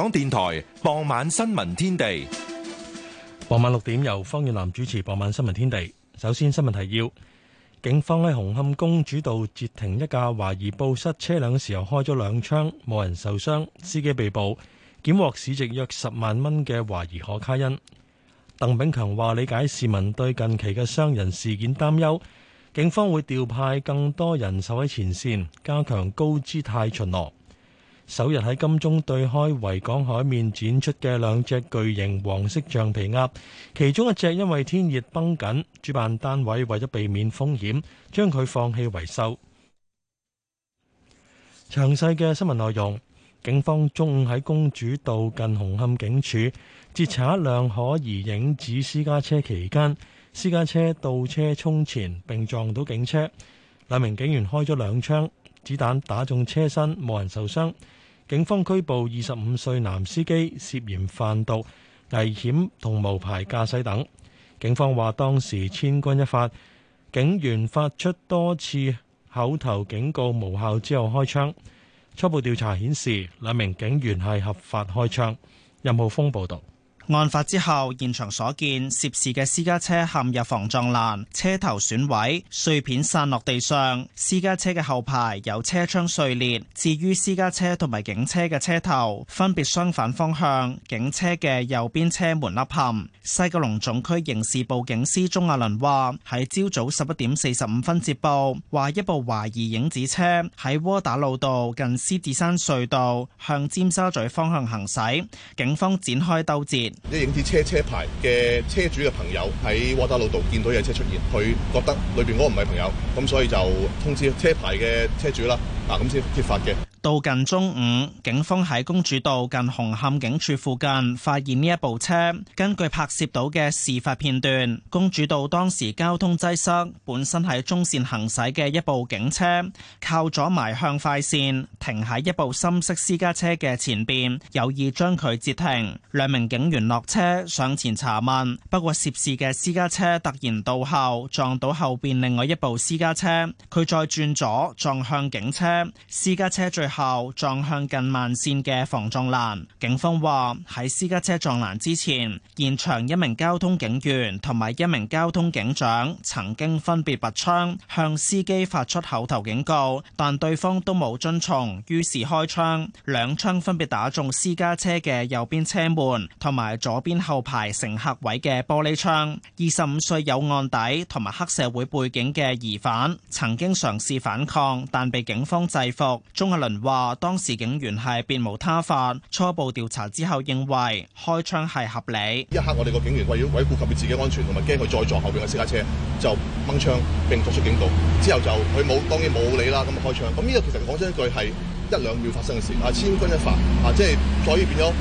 港電台傍晚新聞天地，傍晚六點由方遠南主持。傍晚新聞天地，首先新聞提要：警方喺紅磡公主道截停一架懷疑報失車輛嘅時候開兩槍，開咗兩槍，冇人受傷，司機被捕，檢獲市值約十萬蚊嘅懷疑可卡因。鄧炳強話：理解市民對近期嘅傷人事件擔憂，警方會調派更多人手喺前線，加強高姿態巡邏。首日喺金鐘對開維港海面展出嘅兩隻巨型黃色橡皮鴨，其中一隻因為天熱崩緊，主辦單位為咗避免風險，將佢放棄維修。詳細嘅新聞內容，警方中午喺公主道近紅磡警署截查一輛可疑影子私家車期間，私家車倒車衝前並撞到警車，兩名警員開咗兩槍，子彈打中車身，冇人受傷。警方拘捕二十五歲男司機，涉嫌販毒、危險同無牌駕駛等。警方話當時千鈞一髮，警員發出多次口頭警告無效之後開槍。初步調查顯示，兩名警員係合法開槍。任浩峰報道。案發之後，現場所見涉事嘅私家車陷入防撞欄，車頭損毀，碎片散落地上。私家車嘅後排有車窗碎裂。至於私家車同埋警車嘅車頭，分別相反方向。警車嘅右邊車門凹陷。西九龍總區刑事部警司鍾亞倫話：喺朝早十一點四十五分接報，話一部懷疑影子車喺窩打老道近獅子山隧道向尖沙咀方向行駛，警方展開兜截。啲影子車車牌嘅車主嘅朋友喺窩打老道見到有車出現，佢覺得裏面嗰個唔係朋友，咁所以就通知車牌嘅車主啦。嗱，咁先揭發嘅。到近中午，警方喺公主道近紅磡警署附近發現呢一部車。根據拍攝到嘅事發片段，公主道當時交通擠塞，本身喺中線行駛嘅一部警車靠咗埋向快線，停喺一部深色私家車嘅前邊，有意將佢截停。兩名警員落車上前查問，不過涉事嘅私家車突然倒後，撞到後邊另外一部私家車，佢再轉左撞向警車，私家車最後撞向近慢線嘅防撞欄。警方話喺私家車撞欄之前，現場一名交通警員同埋一名交通警長曾經分別拔槍向司機發出口頭警告，但對方都冇遵從，於是開槍，兩槍分別打中私家車嘅右邊車門同埋左邊後排乘客位嘅玻璃窗。二十五歲有案底同埋黑社會背景嘅疑犯曾經嘗試反抗，但被警方制服。中阿倫。話當時警員係別無他法，初步調查之後認為開槍係合理。一刻我哋個警員為咗為了顧及佢自己安全，同埋驚佢再撞後邊嘅私家車，就掹槍並作出警告。之後就佢冇，當然冇理啦。咁開槍，咁呢個其實講真一句係一兩秒發生嘅事啊，千鈞一髮啊，即係所以變咗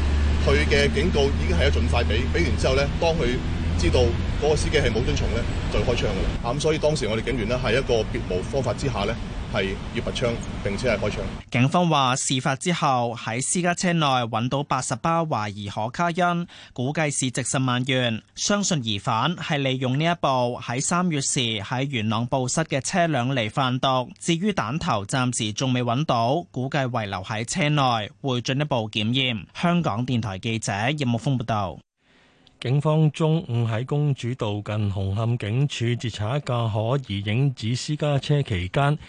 佢嘅警告已經係一盡快俾，俾完之後咧，當佢知道嗰個司機係冇遵從咧，就開槍噶啦。啊、嗯、咁，所以當時我哋警員咧係一個別無方法之下咧。係要拔槍，並且係開槍。警方話事發之後喺私家車內揾到八十包懷疑可卡因，估計市值十萬元。相信疑犯係利用呢一部喺三月時喺元朗報失嘅車輛嚟販毒。至於彈頭暫時仲未揾到，估計遺留喺車內，會進一步檢驗。香港電台記者葉木峰報道。警方中午喺公主道近紅磡警署截查一架可疑影子私家車期間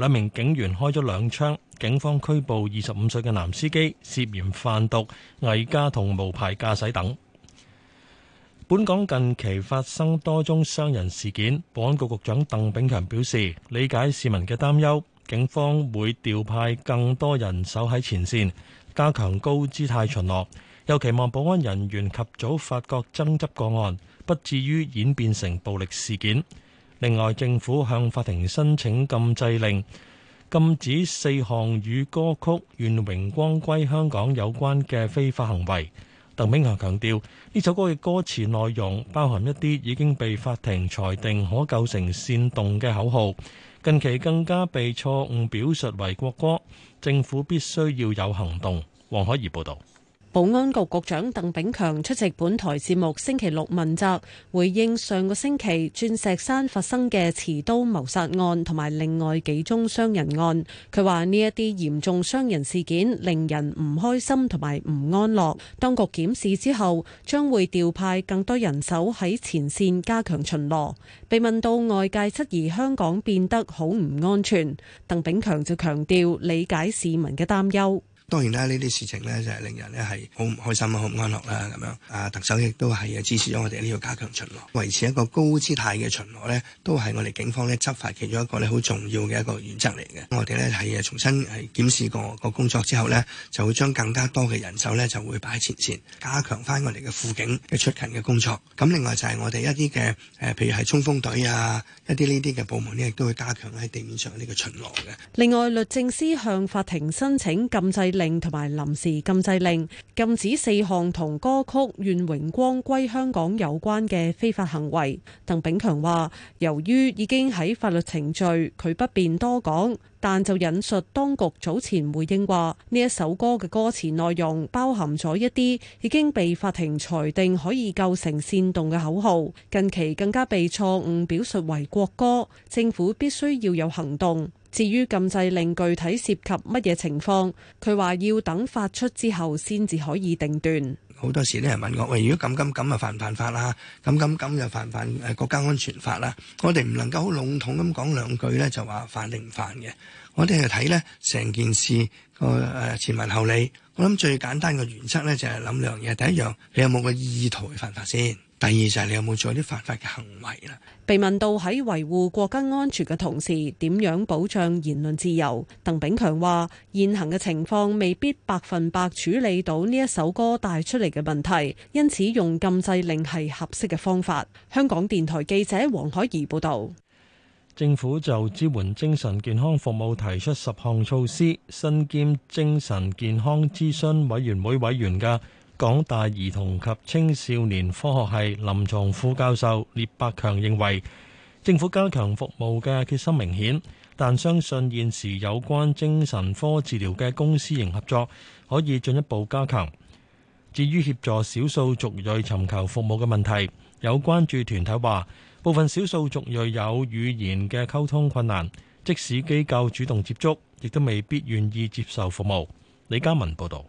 兩名警員開咗兩槍，警方拘捕二十五歲嘅男司機，涉嫌販毒、危駕同無牌駕駛等。本港近期發生多宗傷人事件，保安局局長鄧炳強表示理解市民嘅擔憂，警方會調派更多人手喺前線，加強高姿態巡邏，又期望保安人員及早發覺爭執個案，不至於演變成暴力事件。另外，政府向法庭申請禁制令，禁止四項與歌曲願榮光歸香港有關嘅非法行為。鄧炳強強調，呢首歌嘅歌詞內容包含一啲已經被法庭裁定可構成煽動的口號，近期更加被錯誤表述為國歌，政府必須要有行動。黃海怡報道。保安局局長鄧炳強出席本台節目星期六問責，回應上個星期鑽石山發生嘅持刀謀殺案同埋另外幾宗傷人案。佢話呢一啲嚴重傷人事件令人唔開心同埋唔安樂。當局檢視之後，將會調派更多人手喺前線加強巡邏。被問到外界質疑香港變得好唔安全，鄧炳強就強調理解市民嘅擔憂。當然啦，呢啲事情呢就係令人呢係好唔開心啊、好唔安樂啦咁樣。啊，特首亦都係支持咗我哋呢個加強巡邏，維持一個高姿態嘅巡邏呢都係我哋警方呢執法其中一個呢好重要嘅一個原則嚟嘅。我哋呢係重新係檢視過個工作之後呢，就會將更加多嘅人手呢就會擺喺前線，加強翻我哋嘅輔警嘅出勤嘅工作。咁另外就係我哋一啲嘅誒，譬如係衝鋒隊啊，一啲呢啲嘅部門呢，亦都會加強喺地面上呢個巡邏嘅。另外，律政司向法庭申請禁制令同埋臨時禁制令，禁止四項同歌曲《願榮光歸香港》有關嘅非法行為。鄧炳強話，由於已經喺法律程序，佢不便多講，但就引述當局早前回應話，呢一首歌嘅歌詞內容包含咗一啲已經被法庭裁定可以構成煽動嘅口號，近期更加被錯誤表述為國歌，政府必須要有行動。至於禁制令具體涉及乜嘢情況，佢話要等發出之後先至可以定斷。好多時啲人問我：喂，如果咁咁咁啊，這樣這樣就犯唔犯法啦？咁咁咁又犯唔犯誒國家安全法啦、啊？我哋唔能夠好籠統咁講兩句咧，就話犯定唔犯嘅。我哋係睇呢成件事個誒前文後理。我諗最簡單嘅原則咧，就係諗兩樣嘢。第一樣，你有冇個意圖去犯法先？第二就係你有冇做啲犯法嘅行為啦？被問到喺維護國家安全嘅同時，點樣保障言論自由？鄧炳強話，現行嘅情況未必百分百處理到呢一首歌帶出嚟嘅問題，因此用禁制令係合適嘅方法。香港電台記者黃海怡報道。政府就支援精神健康服務提出十項措施，身兼精神健康諮詢委員會委員嘅。港大兒童及青少年科學系臨床副教授葉柏強認為，政府加強服務嘅決心明顯，但相信現時有關精神科治療嘅公私營合作可以進一步加強。至於協助少數族裔尋求服務嘅問題，有關注團體話，部分少數族裔有語言嘅溝通困難，即使機構主動接觸，亦都未必願意接受服務。李嘉文報導。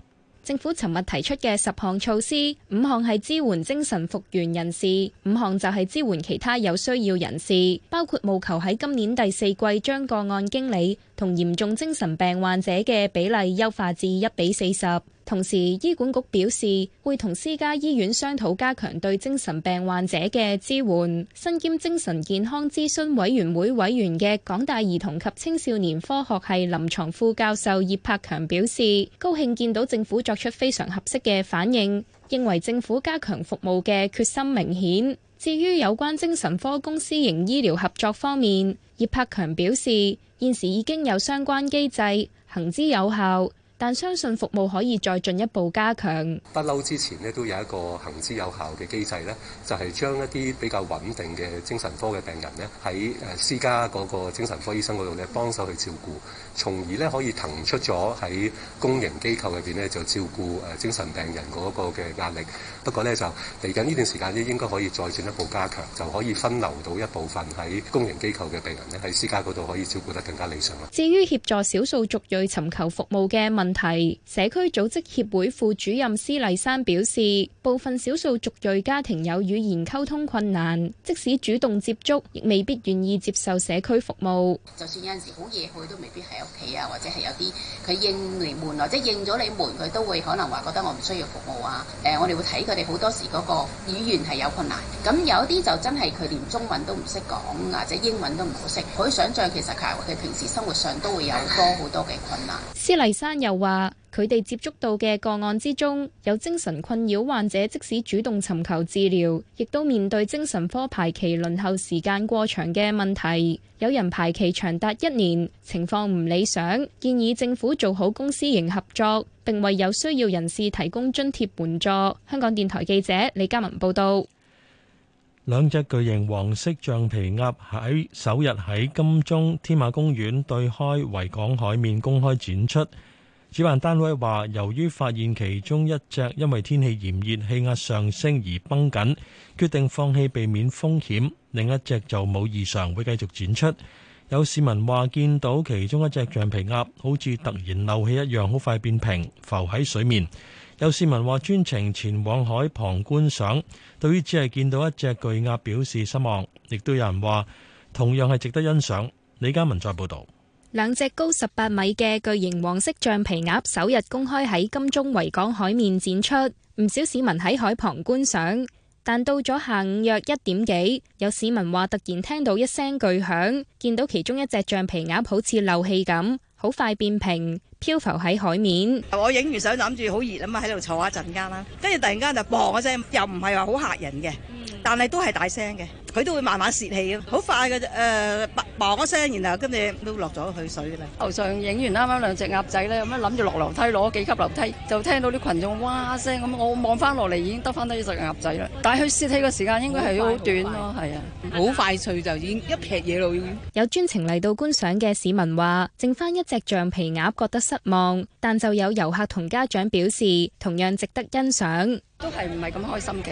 政府尋日提出嘅十項措施，五項係支援精神復原人士，五項就係支援其他有需要人士，包括務求喺今年第四季將個案經理同嚴重精神病患者嘅比例優化至一比四十。同時，醫管局表示會同私家醫院商討加強對精神病患者嘅支援。身兼精神健康諮詢委員會委員嘅港大兒童及青少年科學系臨床副教授葉柏強表示，高興見到政府作出非常合適嘅反應，認為政府加強服務嘅決心明顯。至於有關精神科公私營醫療合作方面，葉柏強表示，現時已經有相關機制，行之有效。但相信服務可以再進一步加強不嬲之前咧，都有一個行之有效嘅機制咧，就係將一啲比較穩定嘅精神科嘅病人咧，喺誒私家嗰個精神科醫生嗰度咧，幫手去照顧，從而咧可以騰出咗喺公營機構入邊咧，就照顧誒精神病人嗰個嘅壓力。不過咧就嚟緊呢段時間咧，應該可以再進一步加強，就可以分流到一部分喺公營機構嘅病人咧，喺私家嗰度可以照顧得更加理想啦。至於協助少數族裔尋求服務嘅問。提社區組織協會副主任施麗珊表示，部分少數族裔家庭有語言溝通困難，即使主動接觸，亦未必願意接受社區服務。就算有陣時好夜去，都未必喺屋企啊，或者係有啲佢應嚟門，或者應咗你門，佢都會可能話覺得我唔需要服務啊。誒，我哋會睇佢哋好多時嗰個語言係有困難，咁有啲就真係佢連中文都唔識講，或者英文都唔好識，可以想象其實佢平時生活上都會有多好多嘅困難。施麗珊又話佢哋接觸到嘅個案之中，有精神困擾患者，即使主動尋求治療，亦都面對精神科排期輪候時間過長嘅問題。有人排期長達一年，情況唔理想。建議政府做好公私營合作，並為有需要人士提供津貼援助。香港電台記者李嘉文報道：兩隻巨型黃色橡皮鴨喺首日喺金鐘天馬公園對開維港海面公開展出。主辦單位話，由於發現其中一隻因為天氣炎熱、氣壓上升而繃緊，決定放棄，避免風險；另一隻就冇異常，會繼續展出。有市民話見到其中一隻橡皮鴨，好似突然漏氣一樣，好快變平浮喺水面。有市民話專程前往海旁觀賞，對於只係見到一隻巨鴨表示失望。亦都有人話同樣係值得欣賞。李家文再報道。兩隻高十八米嘅巨型黃色橡皮鴨首日公開喺金鐘維港海面展出，唔少市民喺海旁觀賞。但到咗下午約一點幾，有市民話突然聽到一聲巨響，見到其中一隻橡皮鴨好似漏氣咁，好快變平。漂浮喺海面。我影完相諗住好熱啊嘛，喺度坐一陣間啦，跟住突然間就嘣一聲，又唔係話好嚇人嘅，但係都係大聲嘅，佢都會慢慢泄氣嘅，好快嘅啫。誒，嘣一聲，然後跟住都落咗去水嘅啦。樓上影完啱啱兩隻鴨仔咧，咁樣諗住落樓梯攞幾級樓梯，就聽到啲群眾哇聲咁，我望翻落嚟已經得翻得呢隻鴨仔啦。但係佢泄氣嘅時間應該係好短咯，係啊，好快脆就已經一劈嘢咯已經。有專程嚟到觀賞嘅市民話，剩翻一隻橡皮鴨，覺得。失望，但就有遊客同家長表示，同樣值得欣賞。都係唔係咁開心嘅，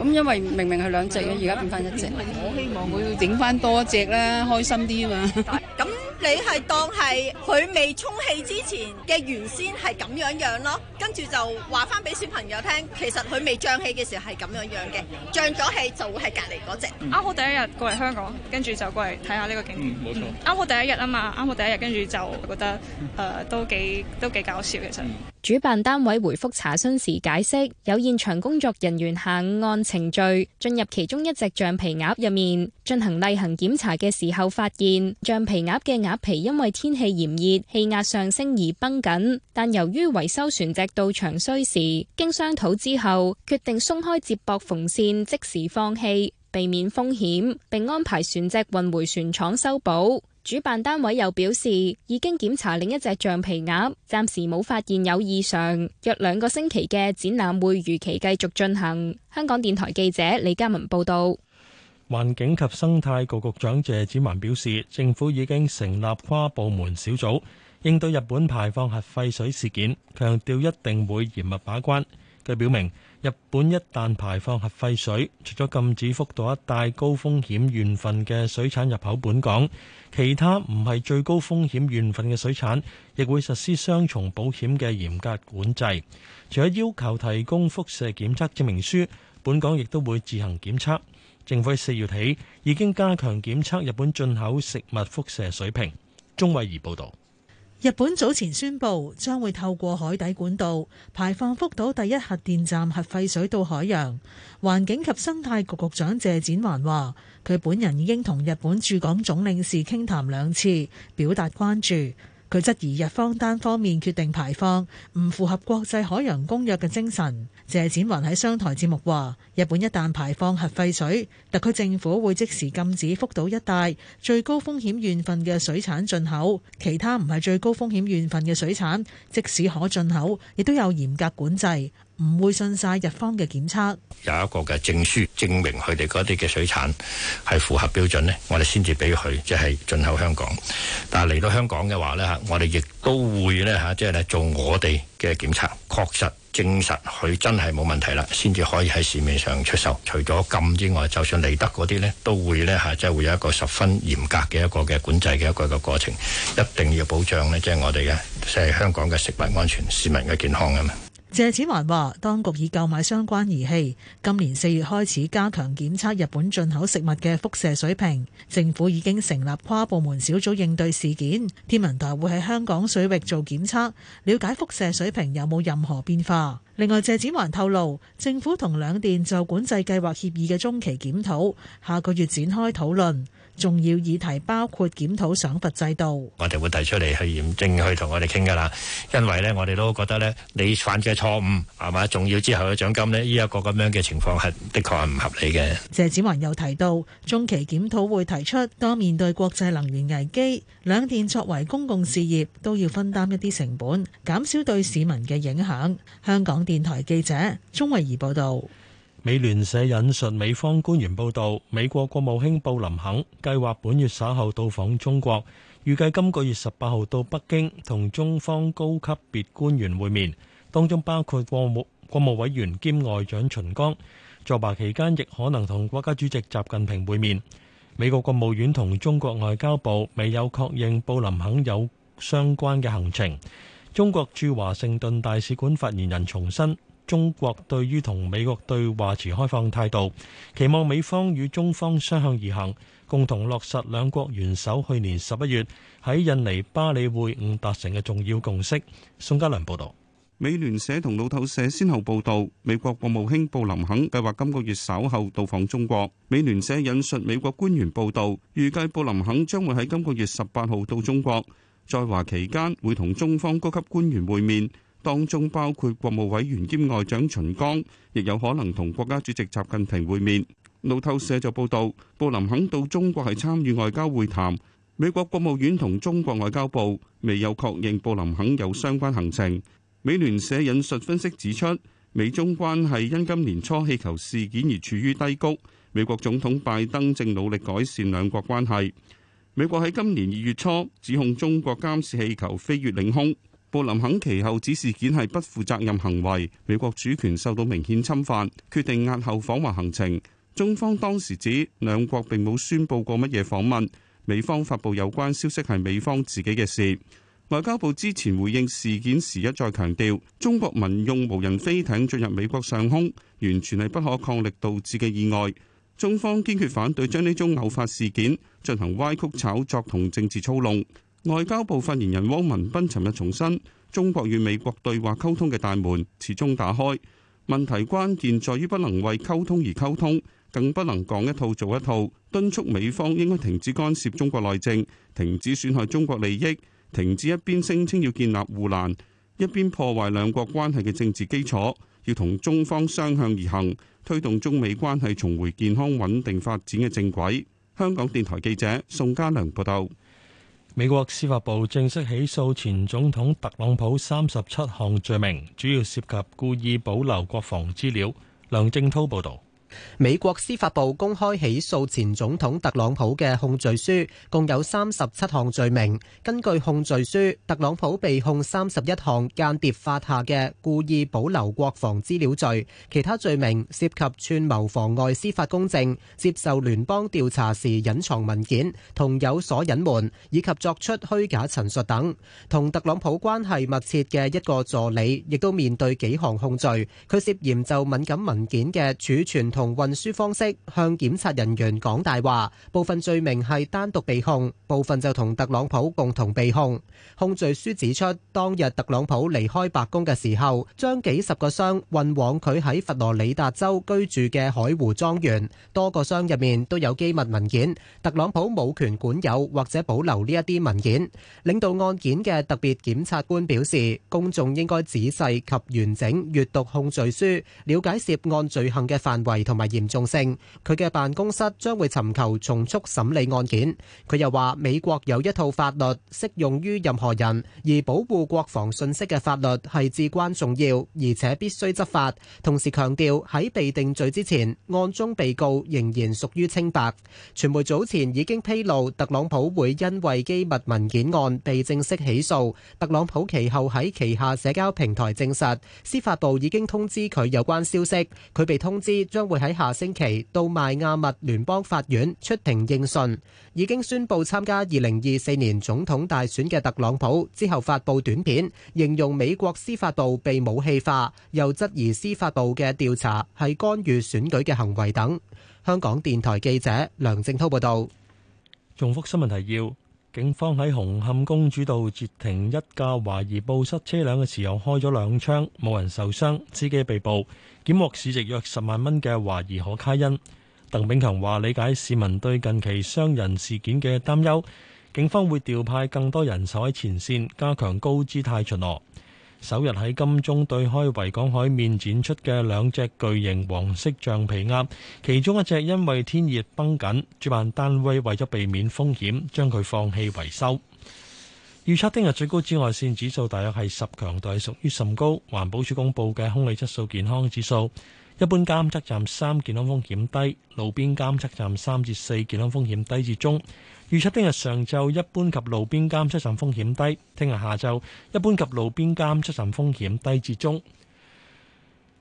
咁因為明明係兩隻，而家變翻一隻。我希望佢要整翻多一隻啦、嗯，開心啲啊嘛。 你係當係佢未充氣之前嘅原先係咁樣樣咯，跟住就話返俾小朋友聽，其實佢未漲氣嘅時候係咁樣樣嘅，漲咗氣就會係隔離嗰隻。啱、嗯嗯嗯、好第一日過嚟香港，跟住就過嚟睇下呢個景點，冇錯。啱好第一日啊嘛，啱好第一日，跟住就覺得誒、呃、都幾都幾搞笑其實。嗯。主辦單位回覆查詢時解釋，有現場工作人員下午按程序進入其中一隻橡皮鴨入面進行例行檢查嘅時候，發現橡皮鴨嘅鴨皮因為天氣炎熱氣壓上升而繃緊，但由於維修船隻到場需時，經商討之後決定鬆開接駁縫線，即時放氣，避免風險，並安排船隻運回船廠修補。主辦單位又表示，已經檢查另一隻橡皮鴨，暫時冇發現有異常。約兩個星期嘅展覽會如期繼續進行。香港電台記者李嘉文報道。環境及生態局局長謝展寰表示，政府已經成立跨部門小組應對日本排放核廢水事件，強調一定會嚴密把關。佢表明。日本一旦排放核廢水，除咗禁止福島一帶高風險縣份嘅水產入口本港，其他唔係最高風險縣份嘅水產亦會實施雙重保險嘅嚴格管制。除咗要求提供輻射檢測證明書，本港亦都會自行檢測，政府四月起已經加強檢測日本進口食物輻射水平。鍾偉儀報道。日本早前宣布，將會透過海底管道排放福島第一核電站核廢水到海洋。環境及生態局局長謝展環話，佢本人已經同日本駐港總領事傾談，談兩次，表達關注。佢質疑日方單方面決定排放唔符合國際海洋公約嘅精神。謝展寰喺商台節目話：日本一旦排放核廢水，特區政府會即時禁止福島一帶最高風險縣份嘅水產進口；其他唔係最高風險縣份嘅水產，即使可進口，亦都有嚴格管制。唔會信晒日方嘅檢測，有一個嘅證書證明佢哋嗰啲嘅水產係符合標準呢，我哋先至俾佢即係進口香港。但係嚟到香港嘅話呢，吓，我哋亦都會呢，吓，即係做我哋嘅檢測，確實證實佢真係冇問題啦，先至可以喺市面上出售。除咗禁之外，就算嚟得嗰啲呢，都會呢，吓，即係會有一個十分嚴格嘅一個嘅管制嘅一個嘅過程，一定要保障呢，即係我哋嘅即係香港嘅食品安全、市民嘅健康啊嘛。謝展寰話：當局已購買相關儀器，今年四月開始加強檢測日本進口食物嘅輻射水平。政府已經成立跨部門小組應對事件，天文台會喺香港水域做檢測，了解輻射水平有冇任何變化。另外，謝展寰透露，政府同兩電就管制計劃協議嘅中期檢討，下個月展開討論。重要議題包括檢討賞罰制度，我哋會提出嚟去驗證去同我哋傾噶啦，因為呢，我哋都覺得呢，你犯嘅錯誤係嘛重要之後嘅獎金呢，呢、呢、一個咁樣嘅情況係的確係唔合理嘅。謝子華又提到，中期檢討會提出，當面對國際能源危機，兩電作為公共事業都要分擔一啲成本，減少對市民嘅影響。香港電台記者鍾慧怡報道。美聯社引述美方官員報道，美國國務卿布林肯計劃本月稍後到訪中國，預計今個月十八號到北京同中方高級別官員會面，當中包括國務國務委員兼外長秦剛。在華期間亦可能同國家主席習近平會面。美國國務院同中國外交部未有確認布林肯有相關嘅行程。中國駐華盛頓大使館發言人重申。中國對於同美國對話持開放態度，期望美方與中方相向而行，共同落實兩國元首去年十一月喺印尼巴里會晤達成嘅重要共識。宋家良報道。美聯社同路透社先後報道，美國國務卿布林肯計劃今個月稍後到訪中國。美聯社引述美國官員報道，預計布林肯將會喺今個月十八號到中國，在華期間會同中方高級官員會面。當中包括國務委員兼外長秦剛，亦有可能同國家主席習近平會面。路透社就報道，布林肯到中國係參與外交會談。美國國務院同中國外交部未有確認布林肯有相關行程。美聯社引述分析指出，美中關係因今年初氣球事件而處於低谷。美國總統拜登正努力改善兩國關係。美國喺今年二月初指控中國監視氣球飛越領空。布林肯其後指事件係不負責任行為，美國主權受到明顯侵犯，決定押後訪華行程。中方當時指兩國並冇宣佈過乜嘢訪問，美方發布有關消息係美方自己嘅事。外交部之前回應事件時一再強調，中國民用無人飛艇進入美國上空，完全係不可抗力導致嘅意外。中方堅決反對將呢宗偶發事件進行歪曲炒作同政治操弄。外交部發言人汪文斌尋日重申，中國與美國對話溝通嘅大門始終打開。問題關鍵在於不能為溝通而溝通，更不能講一套做一套。敦促美方應該停止干涉中國內政，停止損害中國利益，停止一邊聲稱要建立護欄，一邊破壞兩國關係嘅政治基礎。要同中方相向而行，推動中美關係重回健康穩定發展嘅正軌。香港電台記者宋家良報道。美國司法部正式起訴前總統特朗普三十七項罪名，主要涉及故意保留國防資料。梁正濤報道。美國司法部公開起訴前總統特朗普嘅控罪書，共有三十七項罪名。根據控罪書，特朗普被控三十一項間諜法下嘅故意保留國防資料罪，其他罪名涉及串謀妨礙司法公正、接受聯邦調查時隱藏文件同有所隱瞞，以及作出虛假陳述等。同特朗普關係密切嘅一個助理，亦都面對幾項控罪，佢涉嫌就敏感文件嘅儲存同同運輸方式向檢察人員講大話，部分罪名係單獨被控，部分就同特朗普共同被控。控罪書指出，當日特朗普離開白宮嘅時候，將幾十個箱運往佢喺佛羅里達州居住嘅海湖莊園。多個箱入面都有機密文件，特朗普冇權管有或者保留呢一啲文件。領導案件嘅特別檢察官表示，公眾應該仔細及完整閱讀控罪書，了解涉案罪行嘅範圍。同埋嚴重性，佢嘅辦公室將會尋求重速審理案件。佢又話：美國有一套法律適用於任何人，而保護國防信息嘅法律係至關重要，而且必須執法。同時強調喺被定罪之前，案中被告仍然屬於清白。傳媒早前已經披露特朗普會因為機密文件案被正式起訴。特朗普其後喺旗下社交平台證實，司法部已經通知佢有關消息，佢被通知將會。喺下星期到邁阿密聯邦法院出庭應訊。已經宣佈參加二零二四年總統大選嘅特朗普之後發佈短片，形容美國司法部被武器化，又質疑司法部嘅調查係干預選舉嘅行為等。香港電台記者梁正濤報道。重複新聞提要：警方喺紅磡公主道截停一架懷疑報失車輛嘅時候開咗兩槍，冇人受傷，司機被捕。檢獲市值約10萬蚊嘅懷疑可卡因。鄧炳強話理解市民對近期傷人事件嘅擔憂，警方會調派更多人手喺前線加強高姿態巡邏。預測聽日最高紫外線指數大約係十，強度屬於甚高。環保署公布嘅空氣質素健康指數，一般監測站三，健康風險低；路邊監測站三至四，健康風險低至中。預測聽日上晝一般及路邊監測站風險低，聽日下晝一般及路邊監測站風險低至中。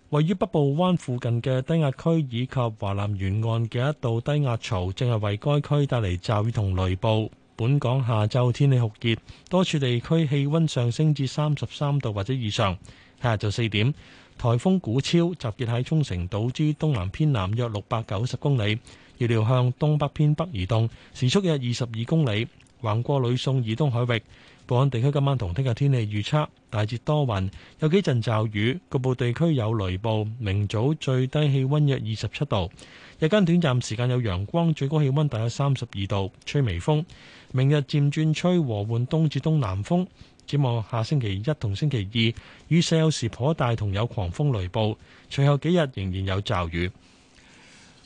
位於北部灣附近嘅低壓區以及華南沿岸嘅一道低壓槽，正係為該區帶嚟驟雨同雷暴。本港下晝天氣酷熱，多處地區氣溫上升至三十三度或者以上。下晝四點，颱風古超集結喺沖繩島之東南偏南約六百九十公里，預料向東北偏北移動，時速約二十二公里。橫過呂宋以東海域，本港地區今晚同聽日天氣預測大致多雲，有幾陣驟雨，局部地區有雷暴。明早最低氣溫約二十七度，日間短暫時間有陽光，最高氣溫大約三十二度，吹微風。明日漸轉吹和緩東至東南風。展望下星期一同星期二雨勢有時頗大，同有狂風雷暴，隨後幾日仍然有驟雨。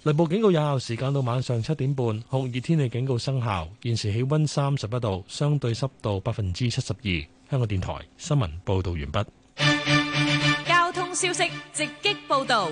雷暴警告有效時間到晚上七點半，酷熱天氣警告生效。現時氣溫三十一度，相對濕度百分之七十二。香港電台新聞報道完畢。交通消息直擊報道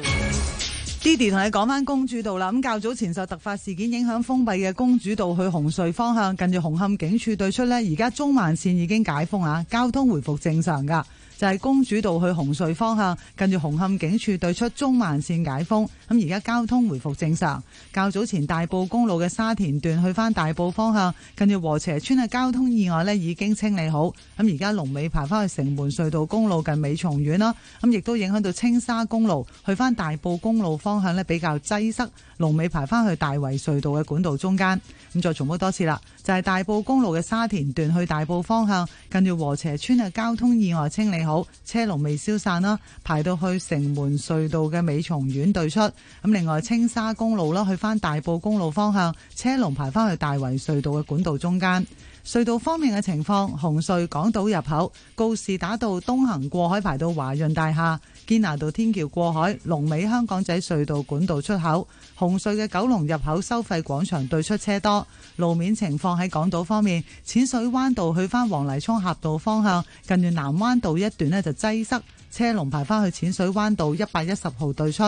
，Didi 同你講翻公主道啦。咁較早前受突發事件影響封閉嘅公主道去紅隧方向，近住紅磡警署對出呢，而家中慢線已經解封啊，交通回復正常噶。就係、是、公主道去紅隧方向，跟住紅磡警署對出中環線解封，咁而家交通回復正常。較早前大埔公路嘅沙田段去翻大埔方向，跟住禾輋村嘅交通意外咧已經清理好，咁而家龍尾排翻去城門隧道公路近美松苑啦，咁亦都影響到青沙公路去翻大埔公路方向咧比較擠塞，龍尾排翻去大圍隧道嘅管道中間，咁再重複多次啦，就係、是、大埔公路嘅沙田段去大埔方向，跟住禾輋村嘅交通意外清理好。好，車龍未消散啦，排到去城門隧道嘅美松苑對出，咁另外青沙公路啦，去翻大埔公路方向，車龍排翻去大圍隧道嘅管道中間。隧道方面嘅情況，紅隧港島入口告士打道東行過海排到華潤大廈、堅拿道天橋，過海龍尾香港仔隧道管道出口，紅隧嘅九龍入口收費廣場對出車多路面情況。喺港島方面，淺水灣道去翻黃泥涌峽道方向近段南灣道一段呢就擠塞，車龍排翻去淺水灣道一百一十號對出。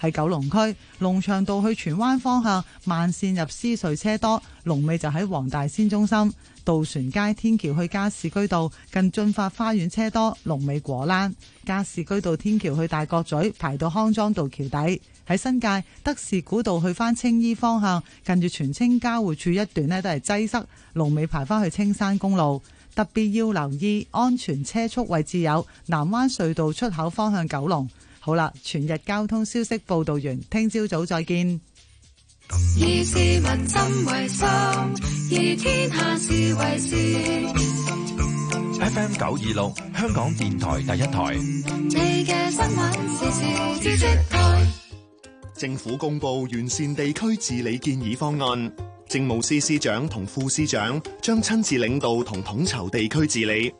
喺九龍區龍翔道去荃灣方向慢線入獅隧車多，龍尾就喺黃大仙中心；渡船街天橋去加士居道近駿發花園車多，龍尾果欄；加士居道天橋去大角咀排到康莊道橋底；喺新界德士古道去翻青衣方向，近住荃青交匯處一段呢，都係擠塞，龍尾排翻去青山公路。特別要留意安全車速位置有南灣隧道出口方向九龍。好啦，全日交通消息報道完，聽朝早再見。以市民心為心，以天下事為事。F M 九二六， FM926，香港電台第一台， 世事世台。政府公布完善地區治理建議方案，政務司司長同副司長將親自領導同統籌地區治理。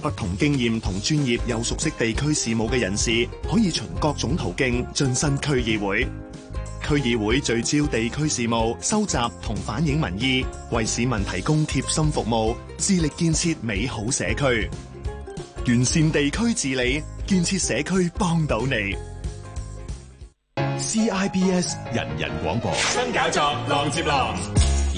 不同經驗同專業又熟悉地區事務嘅人士，可以循各種途徑進身區議會。區議會聚焦地區事務，收集同反映民意，為市民提供貼心服務，致力建設美好社區，完善地區治理，建設社區，幫到你。CIBS 人人廣播，新搞作，浪接浪。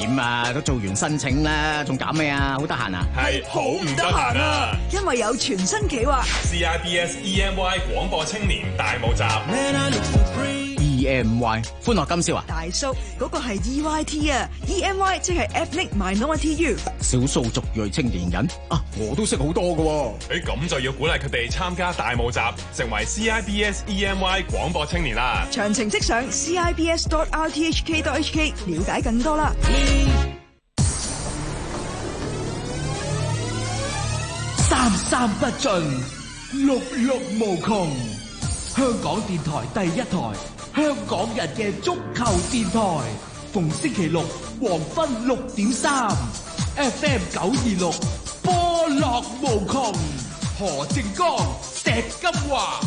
點啊？都做完申請啦，仲搞咩啊？好得閒啊？係好唔得閒啊？因為有全新企劃，C I B S E M Y 廣播青年大募集。E M Y 歡樂今宵啊！大叔，嗰、那個係 E Y T 啊！E M Y 即係 Ethnic Minority Youth 少數族裔青年人啊，我都識好多噶。誒，咁就要鼓勵佢哋參加大舞集，成為 C I B S E M Y 廣播青年啦。詳情即上 C I B S dot R T H K dot H K 了解更多啦。三三不盡，六六無窮，香港電台第一台。香港人嘅足球電台，逢星期六黃昏六點三，FM 九二六，波落無窮。何靖江、石金華，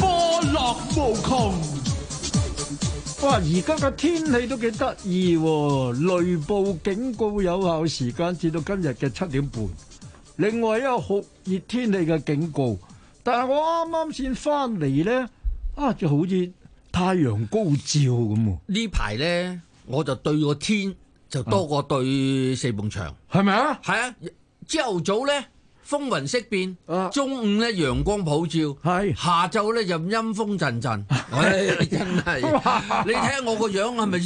波落無窮。哇，而家嘅天氣都幾得意，雷暴警告有效時間至到今日嘅七點半。另外一個酷熱天氣嘅警告，但係我啱啱先翻嚟咧，啊，就好熱。太陽高照，咁呢排咧我就對個天就多過對四埲牆，係咪啊？係啊，朝頭早咧風雲色變，啊，中午咧陽光普照，係下晝咧就陰風陣陣，唉、哎，真係 你睇我個樣係咪？